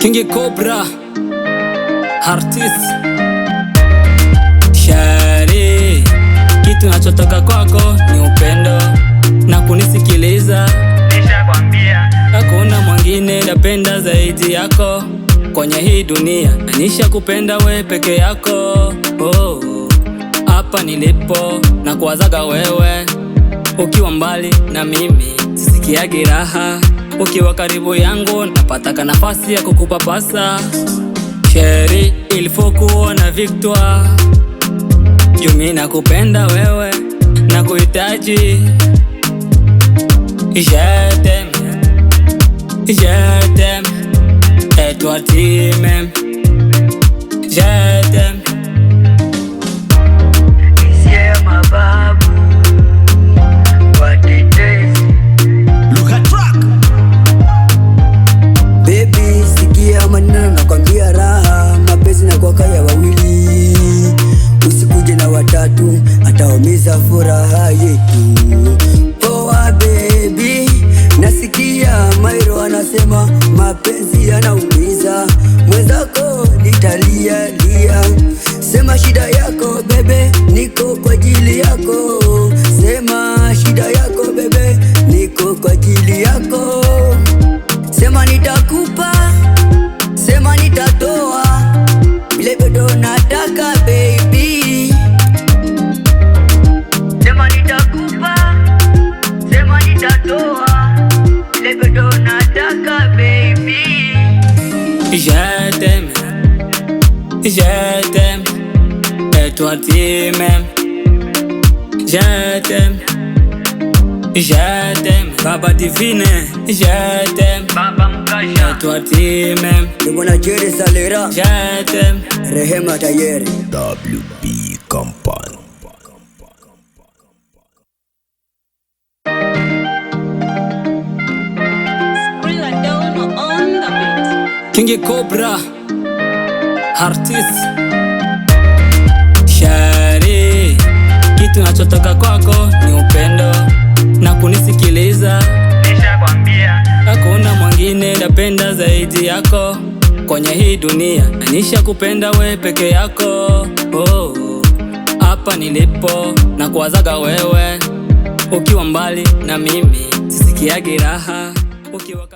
King Cobra Artist Shari, kitu nachotoka kwako ni upendo na kunisikiliza, nishakwambia hakuna mwingine napenda zaidi yako kwenye hii dunia, na nishakupenda we peke yako oh, hapa oh, nilipo na kuwazaga wewe ukiwa mbali na mimi sisikiagi raha ukiwa karibu yangu napataka nafasi ya kukupa pasa sheri ilifokuwa na Victor jumi na kupenda wewe na kuhitaji jetem jetem etwa kama nakwambia raha, mapenzi na kwa kaya wawili, usikuje na watatu, ataumiza furaha yetu. Poa oh, ah, baby, nasikia Mairo anasema mapenzi yanaumiza, mwenzako nitalia lia, sema nitatoa nataka baby. Je t'aime, et toi tu m'aimes. Je t'aime, je t'aime Baba Divine, je t'aime Baba Mkasha, et toi tu m'aimes. je t'aime. Rehema Tayeri, WB Company Kingi Cobra Artist Shari, kitu nachotoka kwako ni upendo na kunisikiliza. Nishakwambia hakuna mwingine napenda zaidi yako kwenye hii dunia, nisha kupenda we peke yako oh, hapa oh, nilipo na kuwazaga wewe ukiwa mbali na mimi sisikiagi raha ukiwa